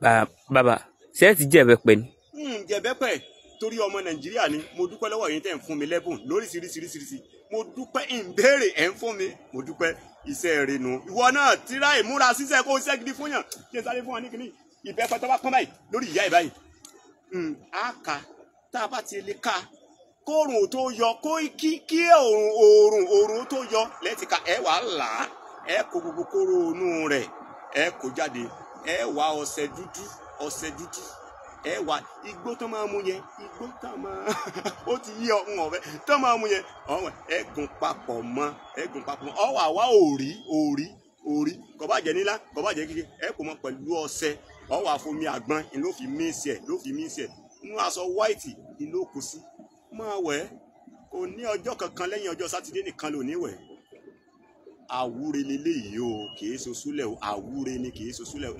baba ṣé ẹ ti jẹ ìbẹ́pẹ ni. ǹjẹ́ hmm, ìbẹ́pẹ torí ọmọ nàìjíríà ni mo dúpẹ́ lọ́wọ́ yín tẹ̀ ń fún mi lẹ́bùn lóríṣiríṣiríṣi mo dúpẹ́ ìbéèrè ẹ̀ ń fún mi mo dúpẹ́ iṣẹ́ rẹ nu ìwọ náà tíra ìmúra ṣiṣẹ́ kó iṣẹ́ gidi fún yàn ṣe sáré fún ọ ní kínní ìbẹ́pẹ tó bá pọ́n báyìí lórí ìyá ẹ̀ báyìí hmm, a kà tá a bá ti lè ka kóòrùn tó yọ kó kí kí òòrùn òòrùn òòrùn tó yọ lẹ́tìka ẹ̀ wàá là á ẹ̀ gbogbo kóró inú rẹ̀ ẹ̀ kó jáde ẹ wá ọṣẹ dúdú ọṣẹ dúdú ẹ wà igbó tó máa mú yẹn igbó tó máa ó ti yí ọ̀hún ọ̀fẹ́ tó máa mú yẹn ọ̀hún ẹ gùn papọ̀ mọ́ ẹ gùn papọ̀ mọ́ ọ̀wà wá òrí òrí òrí kò bá jẹ́ nílá kò bá jẹ́ kékeré ẹ kò mọ pẹ̀lú ọṣẹ ọ̀wà fomi àgbọn ló fi mí sí ẹ ló fi mí sí ẹ nínú aṣọ wáìtì ni ló kù sí máa wẹ̀ kò ní ọjọ́ kankan lẹ́yìn ọjọ́ sátidé nìkan ló ní wẹ̀ àwúre o kì í so súlẹ̀ o àwúre ni kì í so súlẹ̀ o.